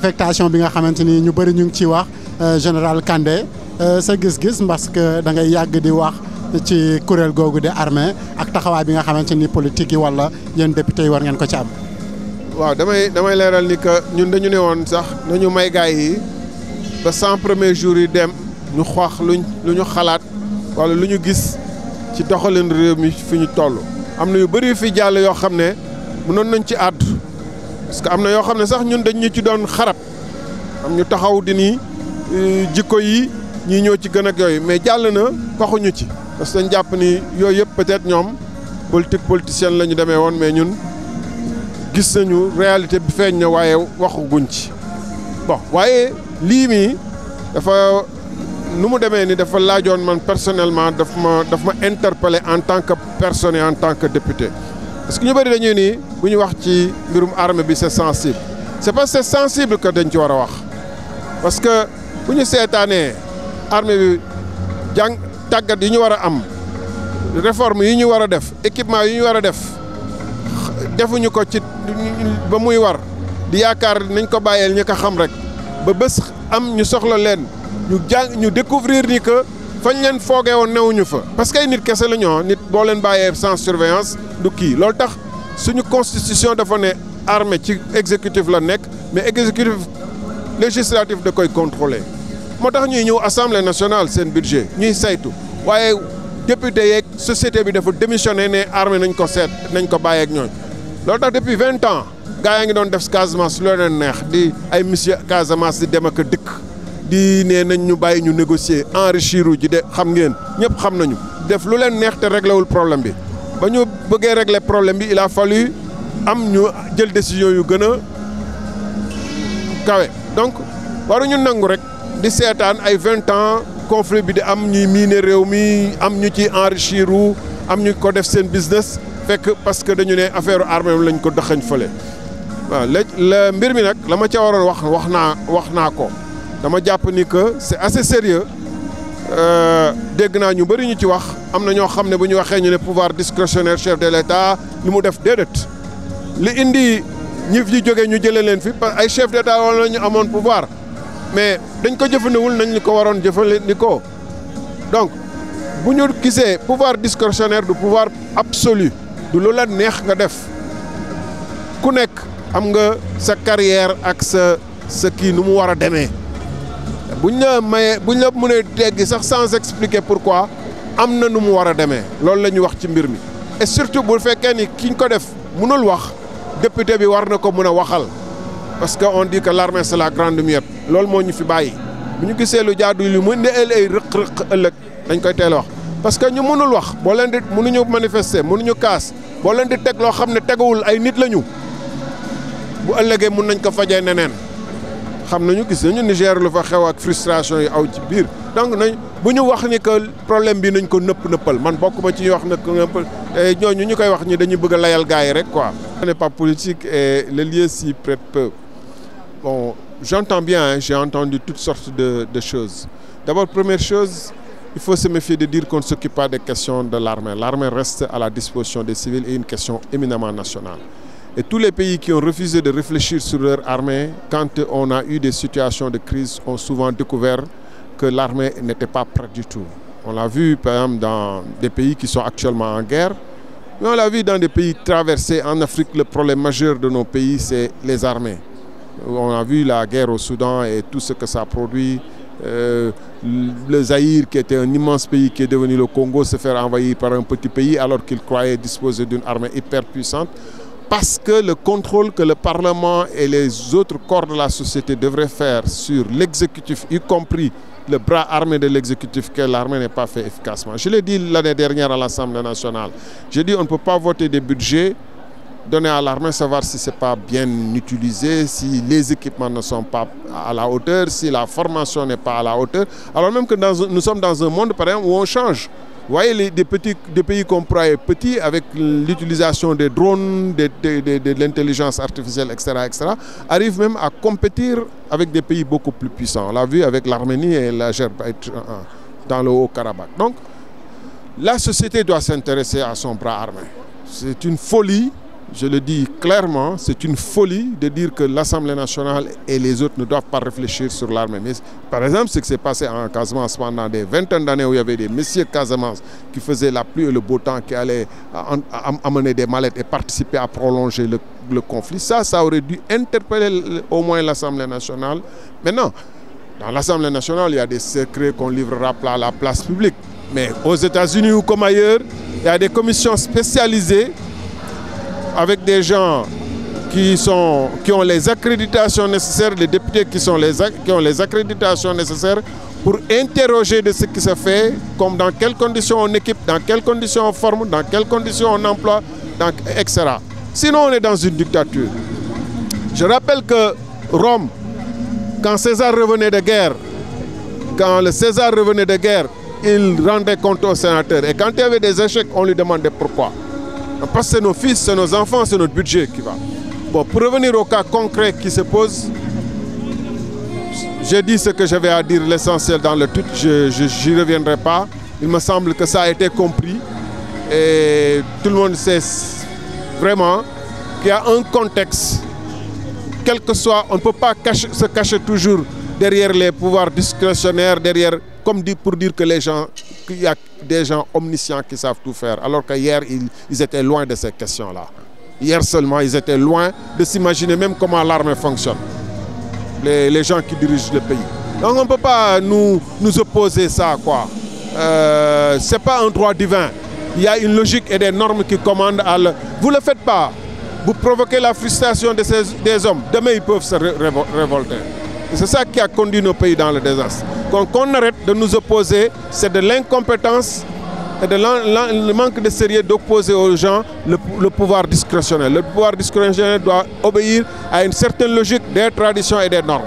affectation bi nga xamante ni ñu bëri ñu ngi ciy wax euh, général Kandé euh, sa gis-gis parce que da ngay yàgg di wax ci kuréel googu di armée ak taxawaay bi nga xamante ni politique yi wala yéen député yi war ngeen ko ci am. waaw damay damay leeral ni que ñun dañu ne woon sax nañu may gay yi ba cent premier jour yi dem ñu xoox lu lu ñu xalaat wala lu ñu gis ci doxalin réew mi fi ñu toll. am na yu bëri fi jàll yoo xam ne mënoon nañ ci àddu. parce que am na yoo xam ne sax ñun dañu ci doon xarab am ñu taxaw di ni euh, jikko yi ñii ñoo ci gën ak yooyu mais jàll na waxuñu ci parce que jàpp ni yooyu yëpp peut-être ñoom politique politicienne la ñu demee woon mais ñun gis nañu réalité bi feeñ na waaye waxuguñ ci bo waaye lii mii dafa nu mu demee ni dafa laajoon man personnellement daf ma daf ma interpellé en tant que personne en tant que député parce ñu bëri dañuy nii bu ñu wax ci mbirum armee bi c'est sensible c'est parce que c'est sensible que dañ ci war a wax parce que bu ñu seetaanee armée bi jàng tàggat yi ñu war a am réforme yi ñu war a def équipement yi ñu war a def defuñu ko ci ba muy war di yaakaar nañ ko bàyyeel ñu ko xam rek ba bés am ñu soxla leen ñu jàng ñu découvrir ni que fañ leen foogee woon newuñu fa parce que ay nit kese la ñoo nit boo leen bàyyee sans surveillance du kii loolu tax suñu constitution dafa ne armée ci exécutif la nekk mais exécutif législatif da koy contrôler moo tax ñuy ñëw assemblée nationale seen budget ñuy saytu waaye député yeeg société bi dafa démissionné ne armée nañ ko seet nañ ko bàyyeeg ñooñ loolu tax depuis vingt ans gaa yaa ngi doon def Casamance loo leen neex di ay monsieur Casamance di dem ak dëkk di nee nañ ñu bàyyi ñu négocier enrichir ji de xam ngeen ñëpp xam nañu def lu leen neex te réglewul problème bi ba ñu bëggee régler problème bi il a am ñu jël décision yu gën a kawe donc waruñu nangu rek di seetaan ay vingt ans conflit bi di am ñuy miiner réew mii am ñu ci enrichir wu am ñu ko def seen business fekk parce que dañu ne affaire armée lañ ko doxañ fële waaw la mbir mi nag la ma ca waroon wax wax naa wax naa ko dama jàpp ni que c'est assez sérieux Euh, dégg naa ñu bari ñu ci wax am na ñoo xam ne bu ñu waxee ñu ne pouvoir discrétionnaire chef de l'État lu mu def déedéet li indi ñi fi jógee ñu jëlee leen fi parce ay chef de d'État wala ñu amoon pouvoir mais dañ ko jëfandiwul nañ li ko waroon jëfandikoo donc bu ñu gisee pouvoir discrétionnaire du pouvoir absolu du lu la neex nga def ku nekk am nga sa carrière ak sa sa kii nu mu war a demee. buñ la mayee buñ la mënee teggi sax sans expliquer pourquoi am na nu mu war a demee loolu la ñu wax ci mbir mi et surtout bu fekkee ni kiñ ko def mënul wax député bi war na ko mën a waxal parce que on dit que l'armée c'est la grande muette loolu moo ñu fi bàyyi bu ñu gisee lu jaadu lu mën ne ay rëq-rëq ëllëg dañ koy teel a wax parce que ñu mënul wax boo leen di mënuñu manifester mënuñu kaas boo leen di teg loo xam ne teguwul ay nit lañu bu ëllëgee mun nañ ko fajee neneen xam nañu gis nañu Niger lu fa xew ak frustration yi aw ci biir donc nañ bu ñu wax ni que problème bi nañ ko nëpp nëppal man bokk ma ci ñuy wax ne eh, que ñooñu ñu ñu koy wax ñi dañuy bëgg a layal gars yi rek quoi. ce n'est pas politique et le lieu s'y peu j'entends bien j'ai entendu toutes sortes de de choses d'abord première chose il faut se méfier de dire qu'on ne s'occupe pas de l'armée l'armée reste à la disposition des civils et une question éminemment Et tous les pays qui ont refusé de réfléchir sur leur armée, quand on a eu des situations de crise, ont souvent découvert que l'armée n'était pas prête du tout. On l'a vu dans des pays qui sont actuellement en guerre, mais on l'a vu dans des pays traversés en Afrique, le problème majeur de nos pays, c'est les armées. On a vu la guerre au Soudan et tout ce que ça produit. Euh, le Zaïre, qui était un immense Congo, se faire envahir par un petit pays alors qu'il croyait disposer d'une armée hyper parce que le contrôle que le Parlement et les autres corps de la société devraient faire sur l'exécutif, y compris le bras armé de l'exécutif que l'armée n'est pas fait efficacement. Je l'ai dit l'année dernière à l'Assemblée nationale. J'ai dit on ne peut pas voter des budgets donner à l'armée, savoir si ce n'est pas bien utilisé, si les équipements ne sont pas à la hauteur, si la formation n'est pas à la hauteur. Alors même que dans, nous sommes dans un monde, par exemple, où on change. Vous voyez les, des, petits, des pays qu'on croyait petits avec l'utilisation des drones, de, de, de, de l'intelligence artificielle, etc., etc., arrivent même à compétir avec des pays beaucoup plus puissants. l'a vu avec l'Arménie et l'Azerbaïdjan euh, euh, dans le Haut-Karabakh. Donc, la société doit s'intéresser à son bras armé. C'est une folie je le dis clairement, c'est une folie de dire que l'Assemblée nationale et les autres ne doivent pas réfléchir sur l'armée. Mais par exemple, ce qui s'est passé en Casamance pendant des vingtaines d'années où il y avait des messieurs Casamance qui faisaient la pluie et le beau temps, qui allaient amener des mallettes et participer à prolonger le, le conflit, ça, ça aurait dû interpeller au moins l'Assemblée nationale. Mais non, dans l'Assemblée nationale, il y a des secrets qu'on livrera à la place publique. Mais aux États-Unis ou comme ailleurs, il y a des commissions spécialisées avec des gens qui, sont, qui ont les accréditations nécessaires, les députés qui, sont les, qui ont les accréditations nécessaires pour interroger de ce qui se fait, comme dans quelles conditions on équipe, dans quelles conditions on forme, dans quelles conditions on emploie, dans, etc. Sinon, on est dans une dictature. Je rappelle que Rome, quand César revenait de guerre, quand le César revenait de guerre, il rendait compte au sénateur. Et quand il y avait des échecs, on lui demandait pourquoi. Parce que c'est nos fils, c'est nos enfants, c'est notre budget qui va. Bon, pour revenir au cas concret qui se pose, j'ai dit ce que j'avais à dire, l'essentiel dans le tout, je n'y reviendrai pas. Il me semble que ça a été compris et tout le monde sait vraiment qu'il y a un contexte, quel que soit, on ne peut pas cacher, se cacher toujours derrière les pouvoirs discrétionnaires, derrière comme dit pour dire que les gens, qu'il y a des gens omniscients qui savent tout faire, alors que hier, ils, étaient loin de ces questions-là. Hier seulement, ils étaient loin de s'imaginer même comment l'armée fonctionne, les, les, gens qui dirigent le pays. Donc on peut pas nous, opposer ça, quoi. Euh, Ce n'est pas un droit divin. Il y a une logique et des normes qui commandent à le... Vous ne le faites pas. Vous provoquez la frustration de ces, des hommes. Demain, ils peuvent se révolter. C'est ça qui a conduit nos pays dans le désastre. Donc qu'on arrête de nous opposer, c'est de l'incompétence et de le manque de sérieux d'opposer aux gens le, le, pouvoir discrétionnaire. Le pouvoir discrétionnaire doit obéir à une certaine logique des traditions et des normes.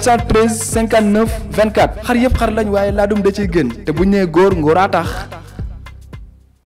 713 vingt 24 xar yëpp xar lañ waaye laa dum da ciy gën te bu ñu nee góor tax